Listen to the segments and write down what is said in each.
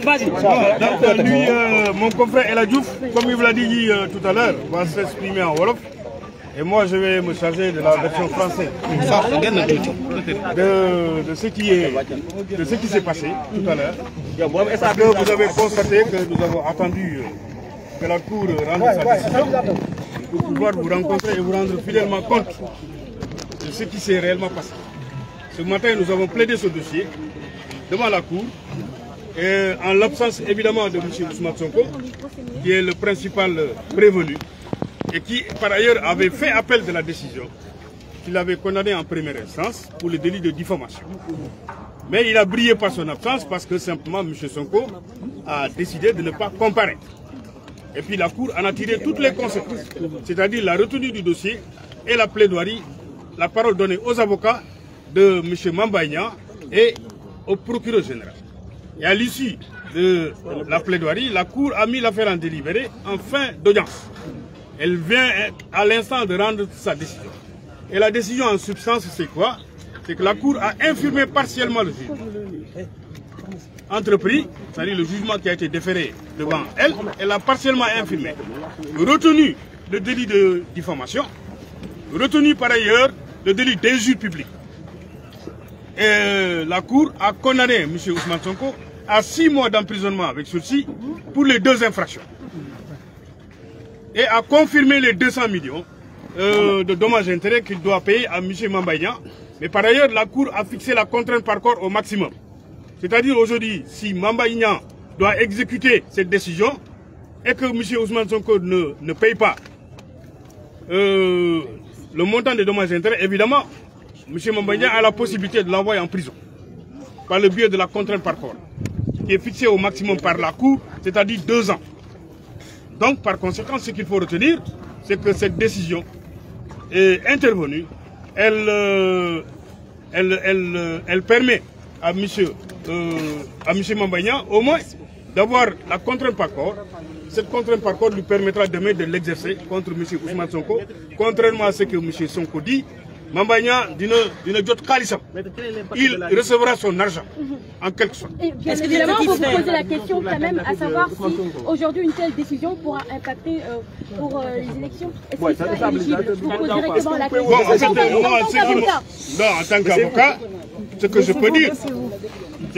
Donc euh, lui, euh, mon confrère El Adjouf, comme il vous l'a dit euh, tout à l'heure, va s'exprimer en Wolof. Et moi, je vais me charger de la version française de, de ce qui est, de ce qui s'est passé Parce que vous avez constaté que nous avons attendu euh, que la Cour rende sa décision pour pouvoir vous rencontrer et vous rendre fidèlement compte de ce qui s'est réellement passé. Ce matin, nous avons plaidé ce dossier devant la Cour Euh, en l'absence évidemment de M. Ousmane Sonko, qui est le principal euh, prévenu, et qui par ailleurs avait fait appel de la décision, qu'il avait condamné en première instance pour le délit de diffamation. Mais il a brillé par son absence parce que simplement M. Sonko a décidé de ne pas comparaître. Et la Cour en a tiré toutes les conséquences, c'est-à-dire la retenue du dossier et la plaidoirie, la parole donnée aux avocats de M. Mambaïna Et à l'issue de la plaidoirie, la Cour a mis l'affaire en délibéré en fin d'audience. Elle vient à l'instant de rendre sa décision. Et la décision en substance, c'est quoi C'est que la Cour a infirmé partiellement le jugement. Entrepris, c'est-à-dire le jugement qui a été déféré devant elle, elle a partiellement infirmé. Retenu le délit de diffamation, retenu par ailleurs le délit d'injure publique. Et euh, la Cour a condamné M. Ousmane Sonko à six mois d'emprisonnement avec sursis pour les deux infractions. Et a confirmé les 200 millions euh, de dommages et intérêts qu'il doit payer à M. Mambaïna. Mais par ailleurs, la Cour a fixé la contrainte par corps au maximum. C'est-à-dire aujourd'hui, si Mambaïna doit exécuter cette décision et que M. Ousmane Sonko ne, paye pas euh, le montant des dommages intérêts, évidemment, M. Mambagna a la possibilité de l'envoyer en prison par le biais de la contrainte par corps, qui est fixée au maximum par la Cour, c'est-à-dire deux ans. Donc, par conséquent, ce qu'il faut retenir, c'est que cette décision est intervenue. Elle, euh, elle, elle, euh, elle, permet à M. Euh, à M. Mambagna, au moins, d'avoir la contrainte par corps. Cette contrainte par corps lui permettra demain de l'exercer contre M. Ousmane Sonko, contrairement à ce que M. Sonko dit, Mame Mbaye dina dina jot xaalisam il recevra son argent en quelque sorte. Bien évidemment, à savoir si aujourd'hui une telle décision pourra impacter euh, pour euh, les élections. Est-ce qu'il sera éligible? Vous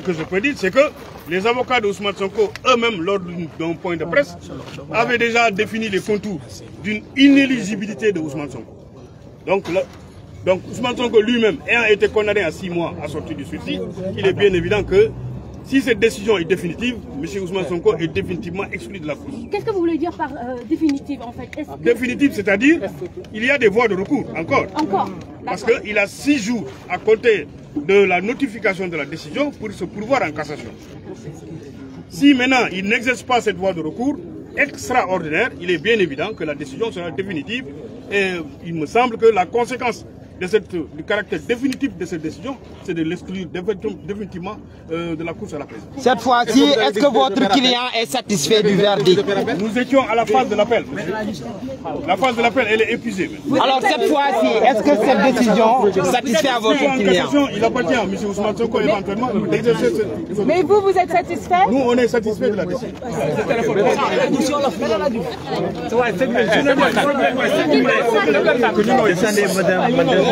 que je peux dire, c'est que les avocats d'Ousmane Sonko eux-mêmes lors d'un point de presse avaient déjà défini les contours d'une inéligibilité de Ousmane Sonko. Donc Donc Ousmane Sonko lui-même ayant été condamné à six mois à sortir du suicide, il est bien évident que si cette décision est définitive, M. Ousmane Sonko est définitivement exclu de que vous voulez dire par euh, définitive que... Définitive, c'est-à-dire il y a des voies de recours, encore. Parce qu'il a six jours à compter de la notification de la décision pour se pourvoir en cassation. Si maintenant il n'exerce pas cette voie de recours extraordinaire, il est bien évident que la décision sera définitive et il me semble la conséquence de caractère définitif de cette décision, de la course à la présidence. Cette fois-ci, est-ce que votre client est satisfait du verdict Nous étions à la phase de l'appel. est épuisée. Alors cette fois-ci, est-ce que cette décision satisfait à votre client Il appartient à M. Ousmane Mais vous, vous êtes satisfait Nous, on est satisfait de la décision. Descendez, madame, madame.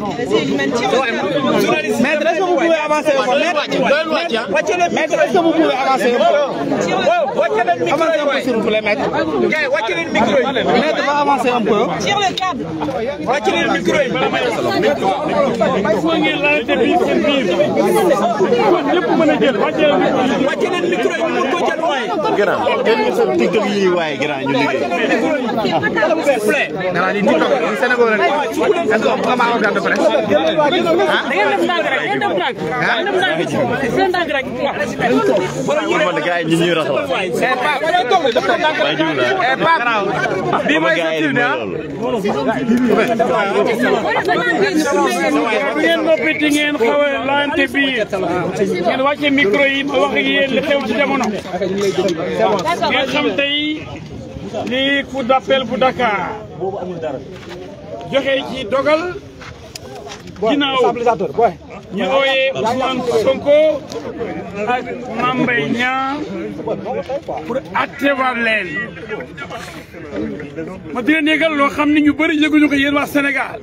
Maître, est-ce que vous pouvez avancer yow maître maître est-ce que vous pouvez avancer yow avancez un peu s'il vous plaît maître. maître va avancer un peu. wàcce leen micro yi. wàcce leen micro yi mu ko jël waaye. grand kenn tiktok yi waaye grand ñu liggéey. jàppale. ah da ngeen def ndànk rek ngeen def wax. kon sa tur noppi di ngeen xaw a laante biir ngeen wàcce micro yi ba wax ak li xew ci jamono ngeen xam tey lii cour d'appel bu Dakar joxe ci dogal. ginnaaw ñu ooyee Sonko ak Mame Mbaye ma di leen yëgal xam ne ñu bëri yëguñu ko yéen waa Sénégal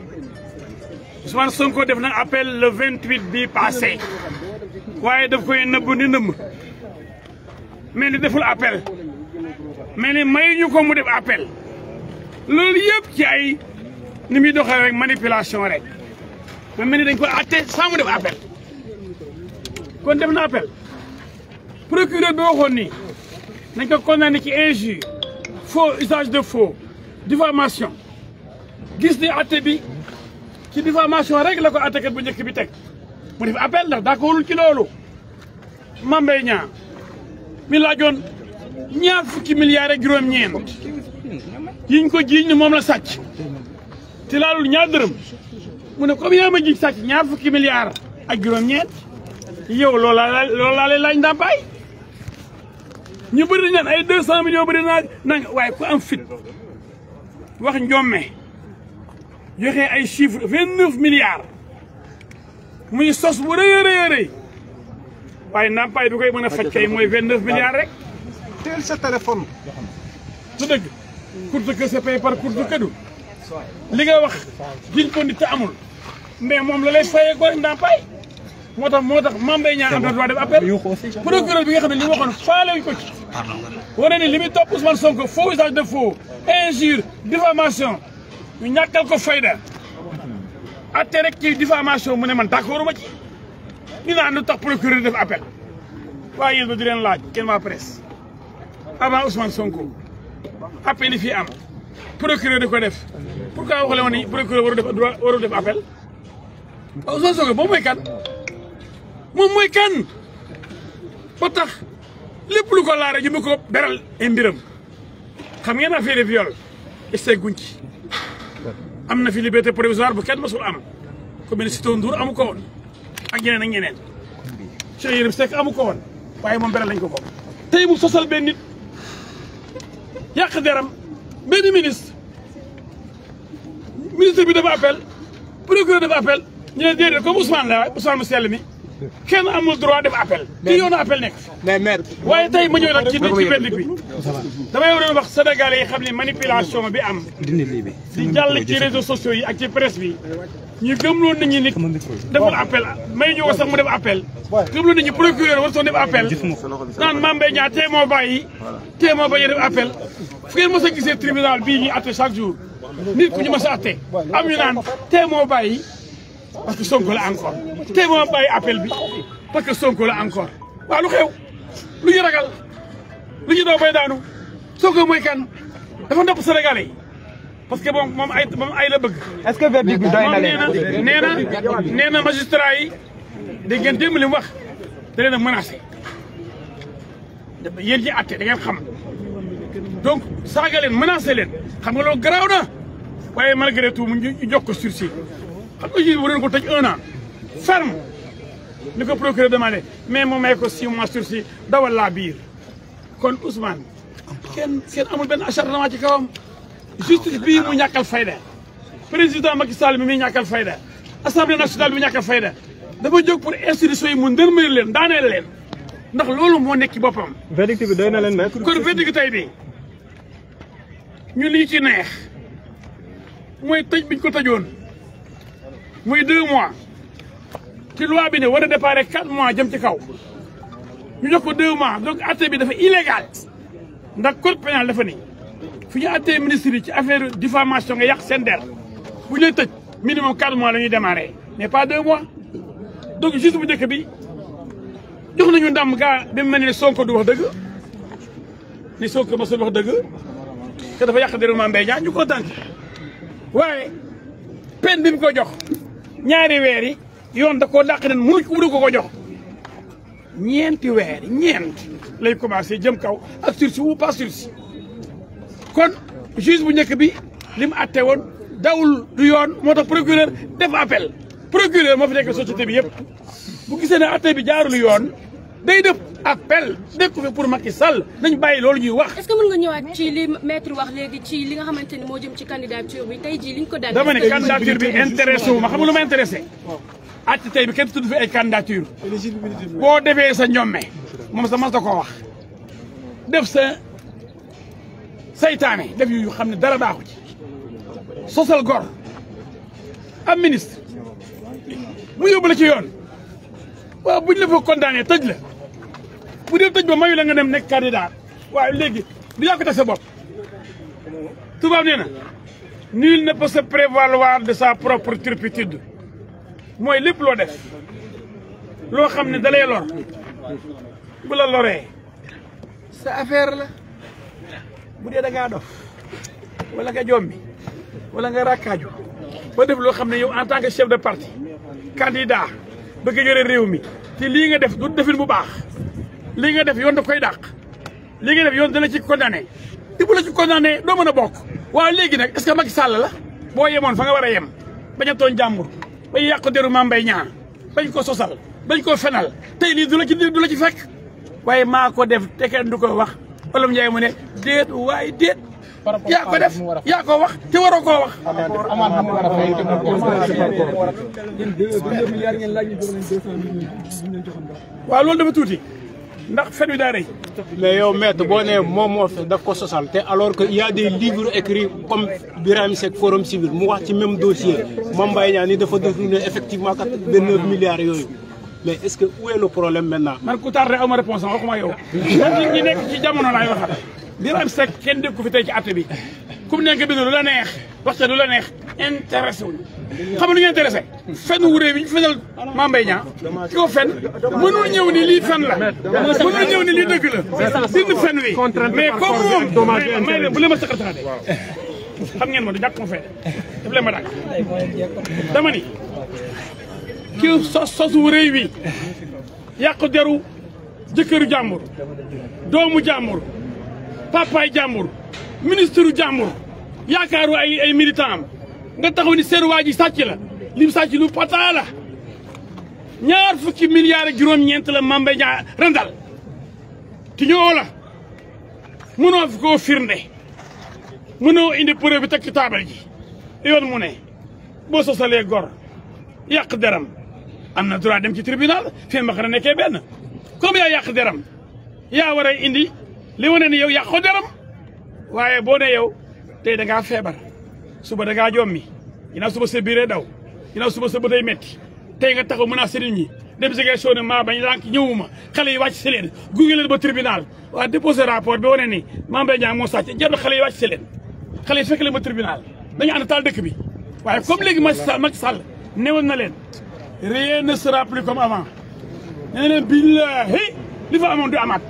Ousmane Sonko def na appel le 28 bii passé waaye daf koy nëbb ni nëmm mel ni deful appel mel ni mayuñu ko mu def appel loolu yëpp ci ay ni muy doxee rek manipulation rek ma mel ni dañ koy atte sans dem def appel kon def na appel procureur bi waxoon ni nañ ko condamné ci usage de faux diffamation gis ni atte bi ci diffamation rek la ko attekat bu njëkk bi teg mu def appel ndax d'accordul ci loolu mambay ñaa mi laajoon ñaar fukki milliards ak juróom-ñeent yiñ ko jiiñ ne moom la sàcc te laalul dërëm mu ne comme yaa ma jiñ sàcc ñaar fukki milliards ak juróom-ñeent yow loolu laa loolu laa lay laaj ndàmpaay ñu nanga waaye ku am fit wax njomme joxe ay chiffre vingt neuf muy sos bu rëy a rëy a rëy waaye ndàmpaay bi koy mën a faj kay mooy vingt neuf milliards rek sa téléphone su dëgg courte que li nga wax giñ ko nit amul mais moom la lay fayee góor ndàmpaay moo tax moo tax Mame Mbaye Niang am na droit def appel procureur bi nga xam ne li mu waxoon faalewuñ ko ci wane ni li muy topp Ousmane Sonko faux usage de faux injure diffamation ñu ñàkkal ko fayda atte rek ci diffamation mu ne man d'accord ma ci dinaa lu tax procureur def appel waaye yéen ba di leen laaj kenn waa presse avant Ousmane Sonko appel yi fii am procureur di ko def pourquoi waxale woon ni procureur Ousmane Sonko moom mooy kan moom mooy kan ba tax lépp lu ko laare ñu mu ko beral ay mbiram xam ngeen affaire viol ese guñ am na fi liberté provisoire bu kenn masul am commune Sitor Ndour amu ko woon ak ñeneen ak ñeneen Cheikh Yérim Seck amu ko woon waaye moom beral lañ ko ko tey mu sosal benn nit yàq deram benn ministre ministre bi dafa appel procureur dafa appel ñu ne déedéet comme Ousmane la waaye Ousmane mu sell mi kenn amul droit def appel. mais kii yoonu nekk. waaye tey ma ñëw nag ci bi. damay waroon wax sénégalais yi xam ne manipulation bi am. di jàll ci réseaux sociaux yi ak ci presse bi. ñu gëmloo nit ñi ko sax mu def appel. gëmloo nit ñi procureur war soon def appel. naan Mame Mbaye Niang tee moo bàyyi. gisee tribunal bii ñuy atte chaque ñu mës a atte am ñu naan tee moo bàyyi. parce que Sonko la encore tey moo bàyyi appel bi parce que Sonko la encore waaw lu xew lu ñu ragal lu ñu doo bay daanu Sonko mooy kan dafa nopp Sénégalais yi que moom moom ay moom ay la bëgg. est-ce que verdict bi doy na nee na nee na magistrat yi da ngeen démb li mu wax da leen a menacé yéen ci àtte da ngeen xam donc saaga leen menacé leen xam nga loolu garaaw na waaye malgré tout mu ñu jox xam nga juge bu doon ko tëj un an ferme ni ko procureur demandé mais mu may ko six mois sursis dawal laa biir kon Ousmane kenn kenn amul benn acharnement ci kawam justice bii mu ñàkkal fayda président Macky Sall mi muy ñàkkal fayda assemblée nationale bi ñàkkal fayda dafa jóg pour institution yi mu ndërmali leen daaneel leen ndax loolu moo nekk ci boppam verdict bi doy na leen mais kon verdict tey bi ñu lii ci neex mooy tëj biñ ko tëjoon muy deux mois ci loi bi ne war a déparé quatre mois jëm ci kaw ñu jox ko deux mois donc atte bi dafa illégal ndax code pénal dafa ni fu ñu attee ministre yi ci affaire diffamation nga yàq seen der bu ñu lay tëj minimum quatre mois la ñuy démarré mais pas deux mois donc juste bu njëkk bi jox nañu ndam gaa bi mu mel ne Sonko du wax dëgg ni Sonko mosul wax dëgg te dafa yàq déroulement mbay ñaa ñu ko tànk waaye peine bi ko jox ñaari weer yi yoon da koo dàq nen mënu mënu ko ko jox ñeenti weer ñeent lay commencé jëm kaw ak sursis ou pas sursis kon juge bu njëkk bi li mu àtte woon dawul du yoon moo tax procureur def appel procureur moo fi nekk société bi yëpp bu gisee ne àtte bi jaarul yoon day def appel nekku fi pour Macky Sall nañ bàyyi loolu ñuy wax. est-ce que mën nga ñëwaat ci li maître wax léegi ci li nga xamante ni moo jëm ci candidature bi tey jii liñ ko daan. dama ne candidature bi intéressé xam nga ma intéressé. àtte bi kenn tudd fi ay candidature. boo defee sa ñomme moom sa mas da koo wax. def sa seytaane def yu xam ne dara baaxu ci. sosal gor am ministre mu yóbbu la ci yoon waaw buñ la fa condamné tëj la. bu dee tëj ba mayu la nga dem nekk candidat waaye léegi du yàq ta sa bopp tubaab nee na nul ne peut se prévaloir de sa propre turpitude mooy lépp loo def loo xam ne dalay lor bu la loree sa affaire la bu dee da ngaa dof wala nga jombi wala nga rakkaaju ba def loo xam ne yow en tant que chef de parti candidat bëgg yore réew mi te lii nga def du defin bu baax li nga def yoon daf koy dàq li nga def yoon dana ci condamné te bu la ci condamné a bokk waa léegi nag est ce que Macky Sall la boo yemoon fa nga war a yem bañ a tooñ jàmbur bañ yàq deru Mame Mbaye Niang bañ ko sosal bañ ko fenal tey lii du la ci du la ci fekk waaye maa ko def te kenn du ko wax olom Ndiaye mu ne déet waaye déet yaa ko def yaa ko wax te war a koo wax. waaw loolu dafa tuuti. ndax fen wi daa rëy mais yow maître boo nee moom moo fi daf ko sosal te alors que y a des livres écrits comme Birahim Seck Forum Civil mu wax ci même dossier Mame Mbaye Niang ni dafa détourné effectivement quatre-vingt-neuf milliards yooyu mais est-ce que où est le problème maintenant man ku tardé aw ma réponse a yow ñi ñi nekk ci jamono laay waxat Birahim Seck kenn dégg ko fi tey ci àtte bi ku mu nekk bi lu la neex waxte lu la neex intéressé wuñu xam nga lu ñu intéressé fenn wu réew yi ñu fenal Mame Mbaye Niang ki ko fen mënul ñëw ni lii fen la mënul ñëw ni lii dëgg la dindi fen wi mais may leen bu leen ma secrétaire xam ngeen ma du ñàkk ma fee daf leen ma dàgg dama ni ki sos sosu réew wi deru jëkkëru jàmbur doomu jàmbur papaay jàmbur ministre jàmbur yaakaaru ay ay nga taxaw ni seen waa ji sàcc la lim sàcc lu pata la ñaar fukki milliards ak juróom-ñeent la Mame Mbaye Niang rendal ti ñoo la mënoo fi koo firnde mënoo indi preuve bi tekki taabal ji yoon mu ne boo sosalee gor yàq deram am na droit dem ci tribunal fii ma xana nekkee benn comme yaa yàq deram yaa war indi li wane ne yow yàqoo deram waaye boo ne yow tey dangaa feebar suba da ngaa jommi ginnaaw suba sa biiree daw ginnaaw suba sa bëtay meti tey nga taxaw menacé nit ñi dem si question ne maa bañ lànk ñëwuma xale yi wàcc si leen gunge leen ba tribunal waa déposé rapport bi wane ni Mame Mbaye Niang moo sàcc jar na xale yi wàcc si leen xale yi fekk leen ba tribunal dañu ànd taal dëkk bi waaye comme léegi ma Macky sal newoon na leen rien ne sera plus comme avant nee na leen billahi li fa amoon di amaat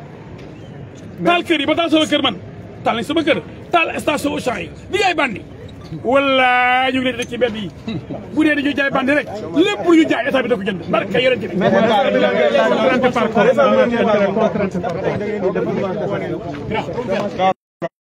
taal kër yi ba taal sama man taal nañ kër taal station Auchan yi li wala ñu ngi leen di ci mbedd yi bu dee dañuy jaay bandi rek lépp lu ñu jaay état bi da ko jënd barka yore ci bi